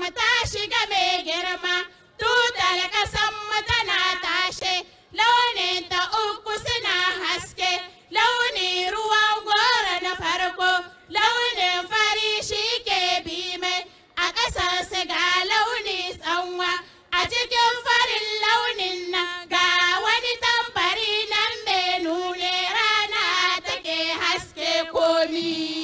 mu ta shiga mai girma tutar kasan mata tana tashe launin ta uku suna haske launi ruwan goro na farko launin fari shi ke bi mai a ƙasar su ga launi tsanwa a cikin farin launin nan ga wani tambari nan mai nune rana take haske komi.